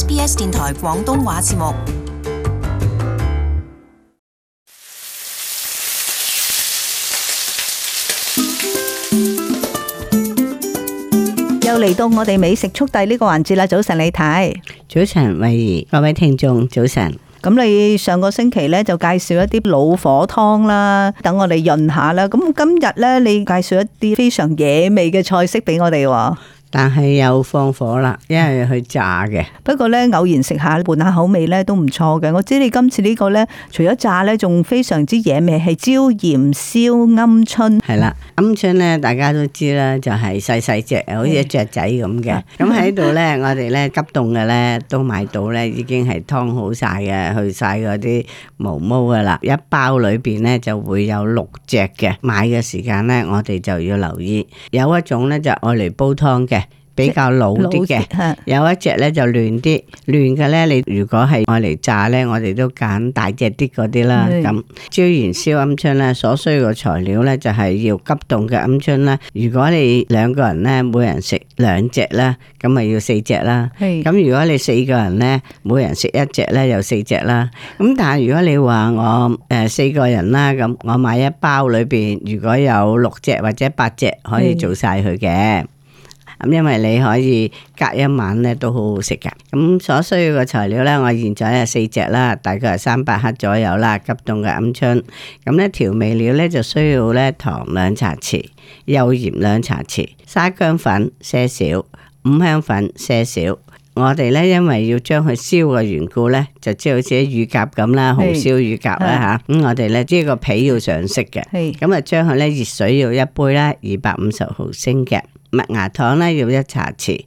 SBS 電台廣東話節目又嚟到我哋美食速遞呢個環節啦！早晨，李太，早晨，慧怡、各位聽眾，早晨。咁你上個星期咧就介紹一啲老火湯啦，等我哋潤下啦。咁今日咧你介紹一啲非常惹味嘅菜式俾我哋喎。但係又放火啦，一係去炸嘅。不過呢，偶然食下換下口味呢都唔錯嘅。我知你今次呢個呢，除咗炸呢，仲非常之惹味，係椒鹽燒鵪鶉。係啦，鵪鶉呢大家都知啦，就係細細隻，好似隻雀仔咁嘅。咁喺度呢，我哋呢急凍嘅呢都買到呢，已經係湯好晒嘅，去晒嗰啲毛毛噶啦。一包裏邊呢，就會有六隻嘅，買嘅時間呢，我哋就要留意。有一種呢，就愛嚟煲湯嘅。比較老啲嘅，有一隻咧就嫩啲，嫩嘅咧你如果係愛嚟炸咧，我哋都揀大隻啲嗰啲啦。咁椒鹽燒鵪鶉咧，所需嘅材料咧就係、是、要急凍嘅鵪鶉啦。如果你兩個人咧，每人食兩隻啦，咁啊要四隻啦。咁是如果你四個人咧，每人食一隻咧，又四隻啦。咁但係如果你話我誒四個人啦，咁我買一包裏邊如果有六隻或者八隻可以做晒佢嘅。咁因為你可以隔一晚咧都好好食㗎。咁所需要嘅材料咧，我現在係四隻啦，大概係三百克左右啦，急凍嘅鵪鶉。咁咧調味料咧就需要咧糖兩茶匙、幼鹽兩茶匙、沙薑粉些少、五香粉些少。我哋咧因為要將佢燒嘅緣故咧，就即係好似啲乳鴿咁啦，紅燒乳鴿啦吓，咁是、啊、我哋咧即係個皮要上色嘅。咁啊是將佢咧熱水要一杯啦，二百五十毫升嘅。麥芽糖咧要一茶匙，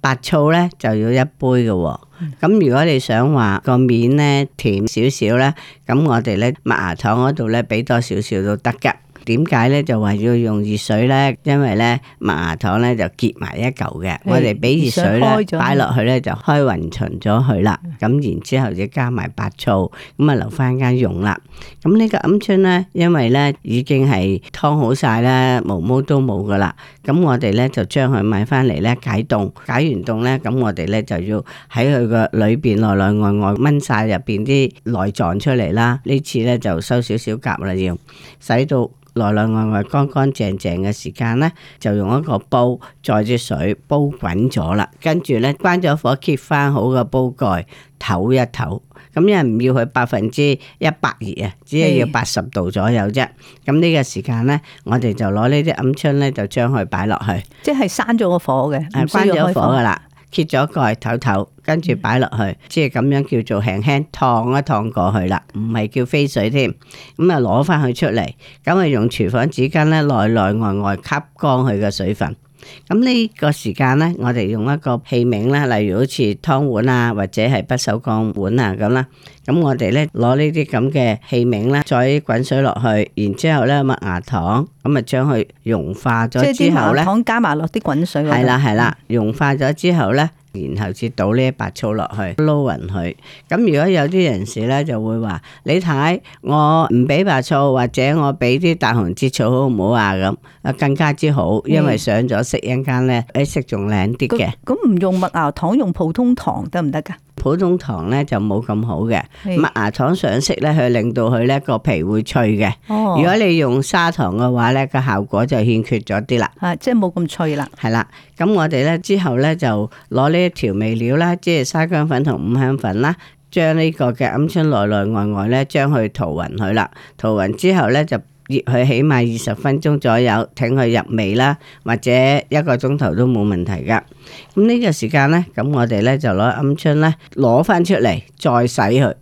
白醋咧就要一杯嘅。咁 如果你想話個面咧甜少少咧，咁我哋咧麥芽糖嗰度咧俾多少少都得㗎。點解咧？就話要用熱水咧，因為咧，麥芽糖咧就結埋一嚿嘅。欸、我哋俾熱水咧，擺落去咧就開勻巡咗佢啦。咁、嗯、然之後就加埋白醋，咁啊留翻間用啦。咁、嗯、呢、嗯、個鵪鶉咧，因為咧已經係湯好晒啦，毛毛都冇噶啦。咁我哋咧就將佢買翻嚟咧解凍，解完凍咧，咁我哋咧就要喺佢個裏邊內內外外掹晒入邊啲內臟出嚟啦。次呢次咧就收少少夾啦，要洗到，內內外外乾乾淨淨嘅時間呢，就用一個煲載住水，煲滾咗啦。跟住呢，關咗火，揭翻好個煲蓋，唞一唞。咁因為唔要佢百分之一百熱啊，只係要八十度左右啫。咁呢是個時間呢，我哋就攞呢啲鵪鶉呢，就將佢擺落去。即係閂咗個火嘅，關咗火噶啦。揭咗蓋，唞唞，跟住擺落去，即係咁樣叫做輕輕燙一燙過去啦，唔係叫飛水添。咁啊攞翻佢出嚟，咁啊用廚房紙巾咧內內外外吸乾佢嘅水分。咁呢個時間呢，我哋用一個器皿啦，例如好似湯碗啊，或者係不銹鋼碗啊咁啦。咁我哋呢，攞呢啲咁嘅器皿啦，再滾水落去，然之後呢麥芽糖，咁啊將佢融化咗之後呢，糖加埋落啲滾水。係啦係啦，融化咗之後呢。然後至倒呢白醋落去撈勻佢。咁如果有啲人士咧就會話：， 你睇我唔俾白醋，或者我俾啲大紅浙醋好唔好啊？咁啊更加之好，因為上咗色，一間咧誒色仲靚啲嘅。咁唔、嗯嗯嗯嗯、用麥芽糖，用普通糖得唔得噶？行普通糖咧就冇咁好嘅，咁是麥芽糖上色，咧去令到佢咧個皮會脆嘅。哦、如果你用砂糖嘅話咧，個效果就欠缺咗啲啦。啊，即係冇咁脆啦。係啦，咁我哋咧之後咧就攞呢調味料啦，即係砂薑粉同五香粉啦，將呢個嘅鵪鶉內內外外咧將佢塗匀佢啦，塗匀之後咧就。熱佢起碼二十分鐘左右，等佢入味啦，或者一個鐘頭都冇問題噶。咁呢個時間呢，咁我哋呢就攞鵪鶉呢，攞翻出嚟再洗佢。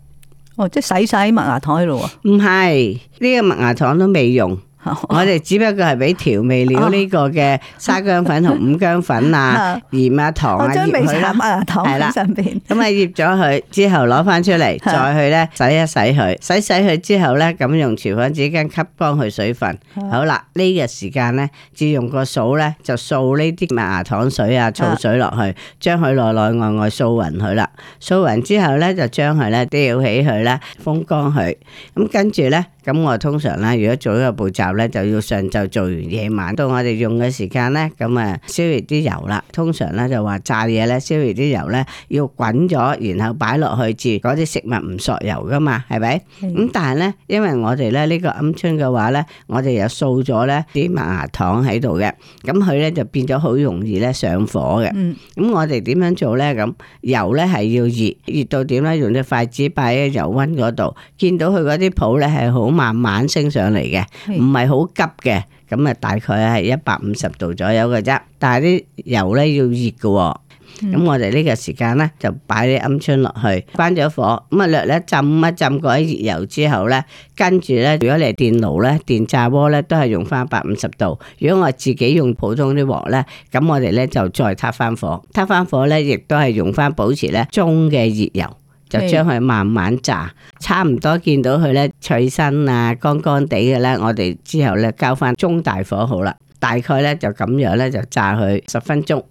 哦，即係洗晒麥芽糖咯？啊，唔係呢個麥芽糖都未用。我哋只不過係俾調味料呢個嘅砂薑粉同五薑粉啊、鹽啊、糖啊，醃佢啦。係啦，上邊咁啊，醃咗佢之後攞翻出嚟，再去咧洗一洗佢，洗洗佢之後咧，咁用廚房紙巾吸乾佢水分。好啦，呢個時間咧，至用個掃咧，就掃呢啲麥芽糖水啊、醋水落去，將佢內內外外掃勻佢啦。掃勻之後咧，就將佢咧吊起佢啦，風乾佢。咁跟住咧。咁我通常咧，如果做呢個步驟咧，就要上晝做完，夜晚到我哋用嘅時間咧，咁啊，燒熱啲油啦。通常咧就話炸嘢咧，燒熱啲油咧要滾咗，然後擺落去至嗰啲食物唔索油噶嘛，係咪？咁的但係咧，因為我哋咧呢、呢個鵪鶉嘅話咧，我哋又掃咗咧啲麥芽糖喺度嘅，咁佢咧就變咗好容易咧上火嘅。咁、嗯、我哋點樣做咧？咁油咧係要熱，熱到點咧？用隻筷子擺喺油温嗰度，見到佢嗰啲泡咧係好。慢慢升上嚟嘅，唔係好急嘅，咁啊大概係一百五十度左右嘅啫。但係啲油咧要熱嘅，咁我哋呢個時間咧就擺啲鵪鶉落去，關咗火，咁啊略略浸一浸過啲熱油之後咧，跟住咧如果你係電爐咧、電炸鍋咧都係用翻一百五十度。如果我自己用普通啲鑊咧，咁我哋咧就再撻翻火，撻翻火咧亦都係用翻保持咧中嘅熱油。就將佢慢慢炸，是差唔多見到佢呢脆身啊，乾乾地嘅呢，我哋之後呢，交返中大火好啦，大概呢就咁樣呢，就炸佢十分鐘。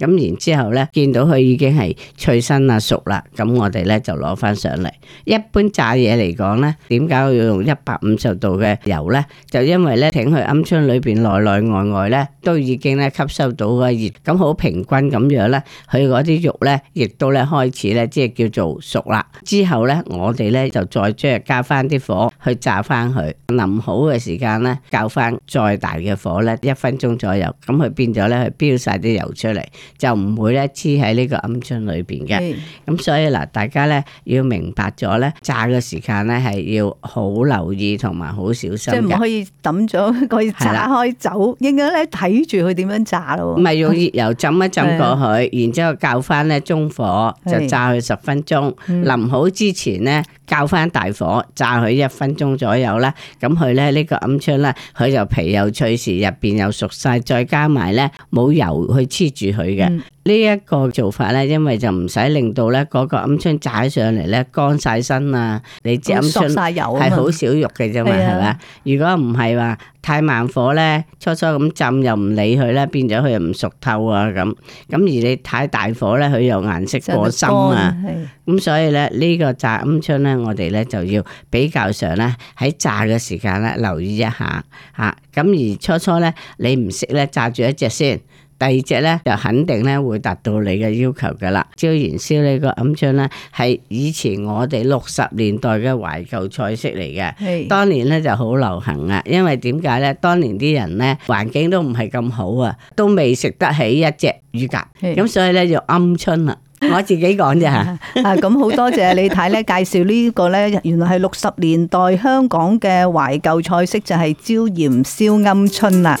咁然之後咧，見到佢已經係脆身啊，熟啦，咁我哋咧就攞翻上嚟。一般炸嘢嚟講咧，點解要用一百五十度嘅油咧？就因為咧，整佢鵪鶉裏邊內內外外咧，都已經咧吸收到個熱，咁好平均咁樣咧，佢嗰啲肉咧，亦都咧開始咧，即係叫做熟啦。之後咧，我哋咧就再即係加翻啲火去炸翻佢，淋好嘅時間咧，較翻再大嘅火咧，一分鐘左右，咁佢變咗咧，佢飆晒啲油出嚟。就唔會咧黐喺呢個鵪鶉裏邊嘅，咁的、嗯、所以嗱，大家咧要明白咗咧炸嘅時間咧係要好留意同埋好小心嘅，即係唔可以抌咗，可以炸開走，的應該咧睇住佢點樣炸咯。唔係用熱油浸一浸過去，的然之後教翻咧中火的就炸佢十分鐘，的嗯、淋好之前咧，較翻大火炸佢一分鐘左右啦，咁佢咧呢個鵪鶉咧，佢就皮又脆，時入邊又熟晒，再加埋咧冇油去黐住佢嘅。呢一個做法咧，因為就唔使令到咧嗰個鵪鶉炸上嚟咧乾晒身啊！你隻鵪鶉係好少肉嘅啫嘛，係咪啊？如果唔係話太慢火咧，初初咁浸又唔理佢咧，變咗佢又唔熟透啊！咁咁而你太大火咧，佢又顏色過深啊！咁所以咧呢個炸鵪鶉咧，我哋咧就要比較上咧喺炸嘅時間咧留意一下吓。咁而初初咧你唔識咧炸住一隻先一隻。第二隻咧就肯定咧會達到你嘅要求㗎喇。椒鹽燒呢個鵪鶉咧，係以前我哋六十年代嘅懷舊菜式嚟嘅。當年咧就好流行啊，因為點解咧？當年啲人咧環境都唔係咁好啊，都未食得起一隻乳鴿，咁所以咧就鵪鶉啦。我自己講啫嚇。咁好多謝李太咧介紹呢個咧，原來係六十年代香港嘅懷舊菜式就係椒鹽燒鵪鶉啦。